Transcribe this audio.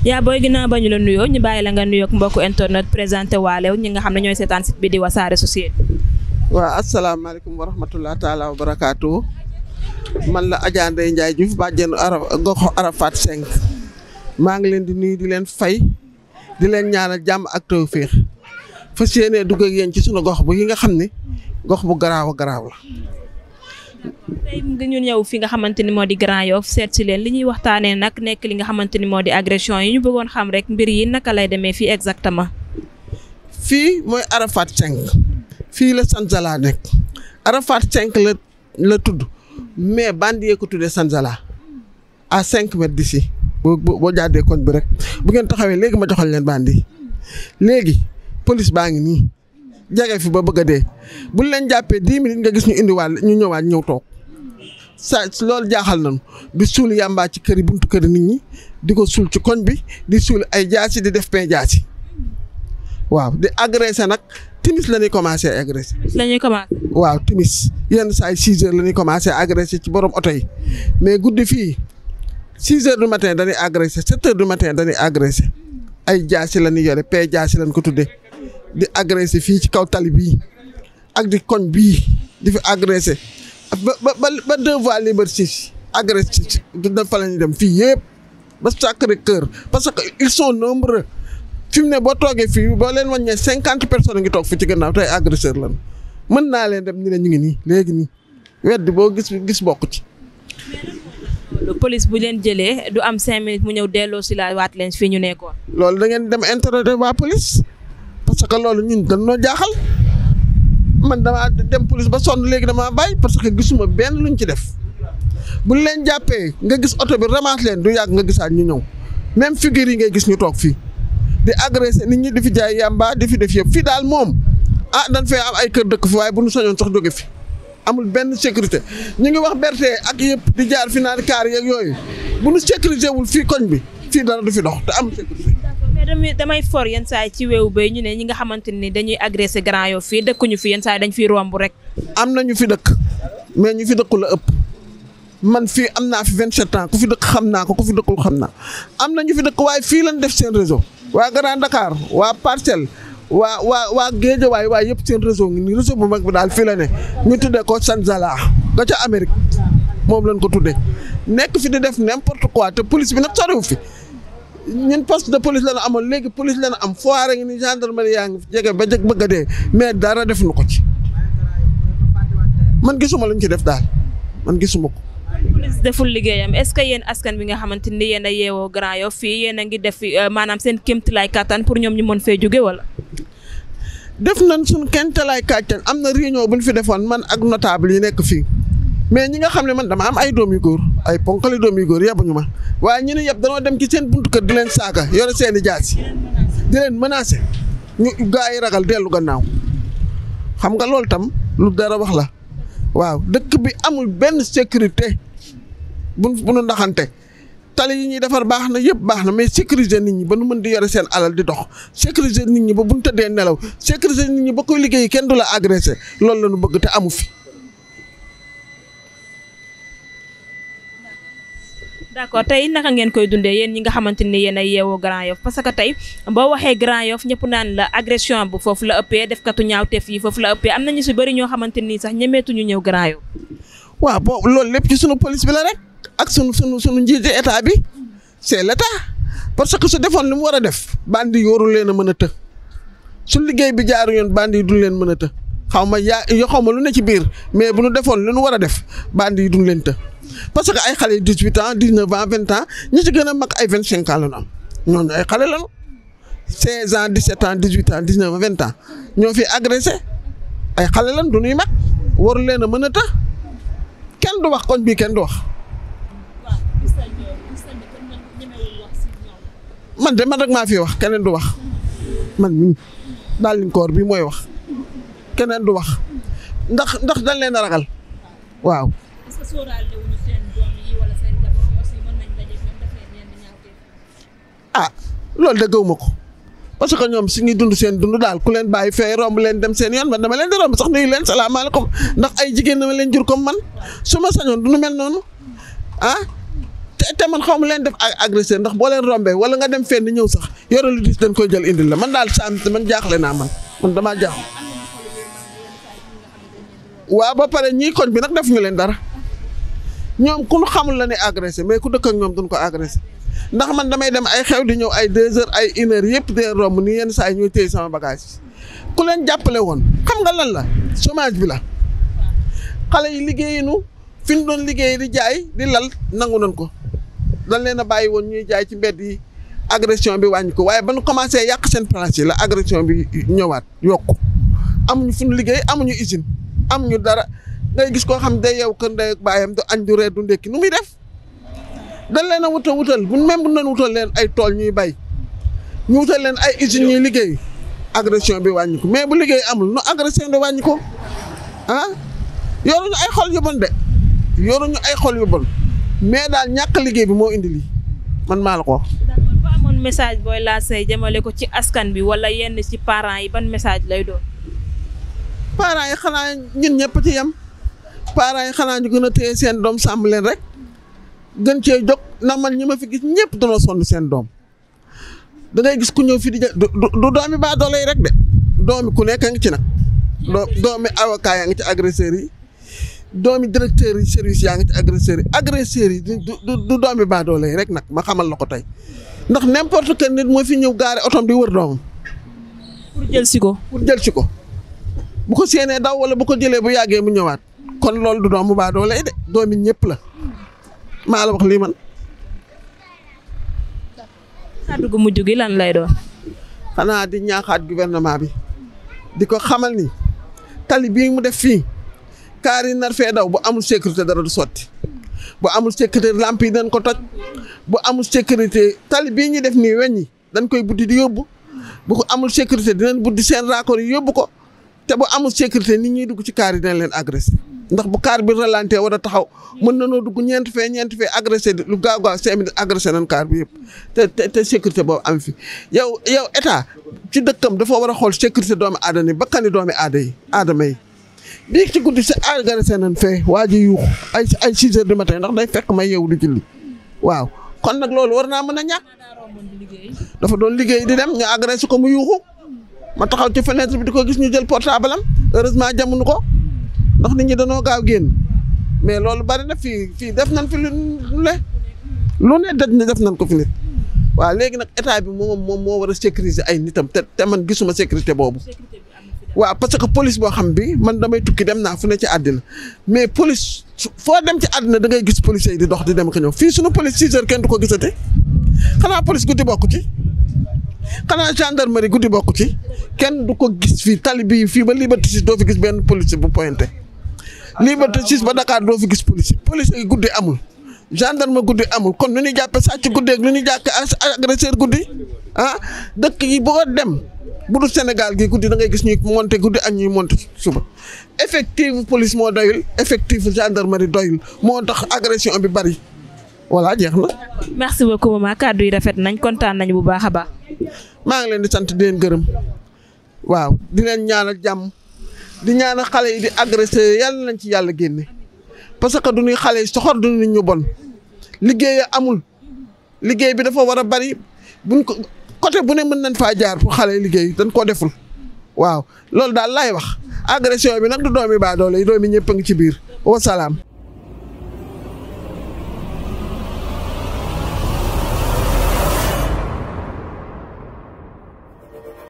yaa booy ginnaaw ba ñu la nuyoo ñu bàyyi la nga nuyoog mbokku internet présenté waalew ñi nga xam ne ñooy seetaan site bi di wasaare société. waaw asalaamaaleykum wa rahmatulah taalaa wa barakaatu. man la Adja Ndeye Ndiaye Diouf bàjjenu Araf goxu Arafat 5 maa ngi leen di nuyu di leen fay di leen ñaanal jàmm ak tawféex fas yéenee dugg ak yéen ci sunu gox bu yi nga xam ni gox bu garaaw a garaaw la. tey dañu ñëw fi nga xamante ni moo di Grand Yoff seet si leen li ñuy waxtaanee nag nekk li nga xamante ni moo di agression yi ñu bëggoon xam rek mbir yi naka lay demee fii exactement. fii mooy Arafat Cinq fii la Sanzala nekk Arafat Cinq la la tudd mais bandi yee ko tuddee Sanzala à cinq mètres d'ici. boo boo jàddee koñ bi rek bu ngeen taxawee léegi ma joxal leen bandi léegi police baa ngi nii. jege fi ba bëgg a dee buñ leen jàppee dix minutes nga gis ñu indiwaat ñu ñëwaat ñëw toog sa loolu jaaxal nañu bi suul yàmbaa ci kër yi buntu kër nit ñi di ko suul ci koñ bi di suul ay jaasi di def pain jaasi waaw di agressé nag timis la ñuy commencé agressé. la ñuy commencé. waaw timis yenn saa yi six heures la ñuy commencé agressé ci borom oto yi mais guddi fii six heures du matin dañuy agressé sept heures du matin dañuy agressé ay jaasi la ñuy yore pain jaasi lañ ko tuddee. di agressé fii ci kaw tali bii ak di koñ bii di fi agressé ba ba ba deux voies liberté agressé dina fa la ñu dem fii yëpp ba Sacré Cœur parce que ils sont nombreux fi mu ne boo toogee fii boo leen wàññee cinquante personnes ngi toog fii ci gannaaw tey agresseur lan mën naa leen dem ñu ne ñu ngi nii léegi nii weddi boo gis gis bokk ci. police bu leen jëlee du am cinq minutes mu ñëw delloo si la waat leen fii ñu nekkoon. loolu da ngeen dem interroger waa police. parce que loolu ñun noo jaaxal man damaa dem police ba sonn léegi damaa bàyyi parce que gisuma benn lu ñu ci def buñ leen jàppee nga gis oto bi ramasse leen du yàgg nga gisaat ñu ñëw même figure yi ngay gis ñu toog fii di agressé nit ñi di fi jaay yàmba di fi def yëpp fii daal moom ah dan fee am ay kër dëkk fi waaye bu ñu soñoon sox jóge fi amul benn sécurité ñu ngi wax berte ak yëpp di jaar fi naan kaar yeeg yooyu bu ñu sécurité wul fii koñ bi fii dara du fi dox te am mais damay for yenn saa yi ci weewu bay ñu ne ñi nga xamante ni dañuy agressé Grand Yoff fii dëkkuñu fi yenn saa yi dañ fiy romb rek. am na ñu fi dëkk mais ñu fi dëkkul la ëpp man fii am naa fi 27 ans ku fi dëkk xam naa ko ku fi dëkkul xam naa am na ñu fi dëkk waaye fii lañ def seen réseau waa Grand Dakar waa Parcelles waa waa waa Géejawaay waa yëpp seen réseau ngi nii réseau bu mag bi daal fii la ne ñu tuddee ko Sanzala nga ca Amérique moom lañ ko tuddee nekk fi di def n'importe quoi te police bi nag soriw fi. ñun poste de police la ñu amoon léegi police la ñu am foire ngi ni gendarmerie yaa ngi jege ba jëg bëgg a dee mais dara def nu ko ci man gisuma luñ ci def daal man gisuma ko. police deful liggéeyam est-ce que yéen askan bi nga xamante ni yéen a yeewoo Grand Yoff fii yéen a ngi def euh, maanaam seen kéemtalaay kattan pour ñoom ñu mën fee jóge wala. def nañ suñ kéemtalaay kattan am na réunion bu ñu fi defoon man ak notable yi nekk fii. mais ñi nga xam ne man dama am ay doom yu góor ay ponkali doom yu góor yebuñu ma waaye ñu ne yëpp danoo dem ci seen buntu kër di leen saaka yore seen i jaasi di leen menacer ñu gaa yi ragal dellu gannaaw xam nga loolu tam lu dara wax la waaw dëkk bi amul benn sécurité bu bu nu ndaxante tali yi ñuy defar baax na yëpp baax na mais sécuriser nit ñi ba nu mën di yore seen alal di dox sécuriser nit ñi ba bu ñu tëddee nelaw sécuriser nit ñi ba koy liggéey kenn du la agressé loolu la ñu bëgg te amu fi. d'accord tey naka ngeen koy dundee yéen ñi nga xamante ni yéen a yeewoo Grand Yoff parce que tey boo waxee Grand Yoff ñëpp naan la agression bu foofu la ëppee defkatu te yi foofu la ëppee am nañu si bëri ñoo xamante nii sax ñemeetuñu ñëw Grand Yoff waaw boobu loolu lépp ci sunu police bi la rek ak sunu sunu sunu njiiti état bi c'est l'état parce que su defoon li mu war a def bandi yi warul leen a mën a të su liggéey bi jaaru yoon bandi yi duñ leen mën a të xaw ma yaa xaw ma lu ne ci biir mais bu nu defoon lu nu war a def bandi yi duñ leen të parce que ay xale yu dix huit ans dix neuf ans vingt ans ñi ci gën a mag ay vingt cinq ans la ñu am ñooñu ay xale lañu seize ans dix sept ans dix huit ans dix neuf ans vingt ans ñoo fi agressé ay xale lañu du ñuy mag waru leen a mën a tax kenn du wax kon bii kenn du wax. man de man rek maa fi wax keneen du wax man daal liñ koor bi mooy wax keneen du wax ndax ndax dañ leen a ragal waaw. ah loolu de gëw ma ko parce que ñoom suñuy dund seen dund daal ku leen bàyyi fee romb leen dem seen yoon man dama leen di romb sax nuyu leen salaamaaleykum ndax ay jigéen dama leen jur comme man su ma sañoon du nu mel noonu ah. te te man xaw mu leen def agressé ndax boo leen rombee wala nga dem fenn ñëw sax yore lu diis dañ koy jël indil la man daal saam man jaaxle naa man man damaa jaaxle. waaw ba pare ñii koñ bi nag def ñu leen dara ñoom ku ñu xamul la ne agressé mais ku dëkk ak ñoom duñ ko agressé. ndax man damay dem ay xew di ñëw ay des heures ay une heure yëpp de romb ni yenn saa yi ñooy téye sama bagage ku leen jàppale woon xam nga lan la chômage bi la xale yi liggéeyinu fi ñu doon liggéey di jaay di lal nangu nañ ko dañ leen a bàyyi woon ñuy jaay ci mbedd yi agression bi wàññi ko waaye ba ñu commencé yàq seen place yi la agression bi ñëwaat yokk amuñu fu ñu liggéey amuñu usine amuñu dara ngay gis koo xam day yow kër ndey ak baayam du añ du du ndékki nu muy def dañ leen a wut a wutal bu même bu ñu leen wutal leen ay tool ñuy bay ñu wutal leen ay usines ñuy liggéey agression bi wàññi ko mais bu liggéey amul nu agression di wàññi ko ah yoruñu ay xol yu bon de yoruñu ay xol yu bon mais daal ñàkk liggéey bi moo indi lii man maa la ko wax. message booy laasay jëmale ko ci askan bi wala yenn ci parents yi ban message lay doon. parents yi xanaa ñun ñëpp ci yem parents yi xanaa ñu gën a téye seen doom sàmm leen rek. gën cee jox ndax man ñi ma fi gis ñëpp danoo sonn seen doom dangay gis ku ñëw fii di du doomi baa doole yi rek de doomi ku nekk a ngi ci nag. doomi avocat yaa ngi ci agresseurs yi doomi directeur yi service yaa ngi ci agresseurs yi agresseurs yi du doomi baa doole yi rek nag ma xamal la ko tey ndax n'importe quel nit moo fi ñëw gaare otoom di wër doomam. pour jël si ko pour jël si ko. bu ko séenee daw wala bu ko jëlee bu yàggee mu ñëwaat kon loolu du doom mu baa doole yi de doomi ñëpp la. maa la wax lii man. kàddu gu mujj gi lan lay doon. xanaa di ñaaxaat gouvernement bi di ko xamal ni tali bii mu def fii kaar yi nar fee daw bu amul sécurité dara du sotti bu amul sécurité lamp yi dañ ko toj bu amul sécurité tali bii ñuy def nii weñ yi dañ koy buddi di yóbbu bu ko amul sécurité dinañ buddi seen raakoor yi yóbbu ko te bu amul sécurité nit ñuy dugg ci kaar yi dinañ leen agressé. ndax bu kaar bi ralantee war a taxaw mën na noo dugg ñeent fee ñeent fee agressé lu gaaw gaaw cinq minutes agressé nañ kaar bi yëpp te te sécurité boobu am fi yow yow état ci dëkkam dafa war a xool sécurité doomi aadama yi bakkani doomi aada yi aadama yi bii ci guddi si agressé nañ fee waa ji yuuxu ay ay six ndax day fekk may yow di julli waaw kon nag loolu war naa mën a ñàkk dafa doon liggéey di dem ñu agressé ko mu yuuxu ma taxaw ci fenêtre bi di ko gis ñu jël portable am heureusement jamuñu ko ndax nit ñi danoo gaaw génn mais loolu bari na fii fii def nañ fi lu ne lu ne daj na def nañ ko fi nit waaw léegi nag état bi moom moom moo war a sécuriser ay nitam te te man gisuma sécurité boobu. waaw parce que police boo xam bi man damay tukki dem naa fu ne ci àddina mais police foo dem ci àddina da ngay gis police yi di dox di dem ko ñëw fii suñu police six heures kenn du ko gisate xanaa police guddi bokk ci xanaa gendarmerie guddi bokku ci kenn du ko gis fii tali bii fii ba liberté si doo fi gis benn police bu pointé. Liberté 6 ba Dakar doo fi gis police police yi guddi amul gendarme guddi amul kon nu ñuy jàppee sàcc guddi ak nu ñuy jàppee agresseur guddi ah dëkk yi boo dem bu dul Sénégal gi guddi da ngay gis ñuy monter guddi ak ñuy monter suba effectif police moo doyul effectif gendarmerie doyul moo tax agression bi bari voilà jeex na. merci beaucoup maman kàddu yi rafet nañ kontaan nañ bu baax a baax. maa ngi leen di sant di leen gërëm waaw di leen ñaanal jàmm. di ñaana xale yi di agressé yàlla nañ ci yàlla génne parce que du ñuy xale yi soxor du ñu bon liggéey amul liggéey bi dafa war a bari buñ ko côté bu ne mën nañ faa jaar pour xale yi liggéey dañ koo deful waaw loolu daal laay wax agression bi nag du doomi baadoolo yi doomi ñëpp a ngi ci biir wasalaam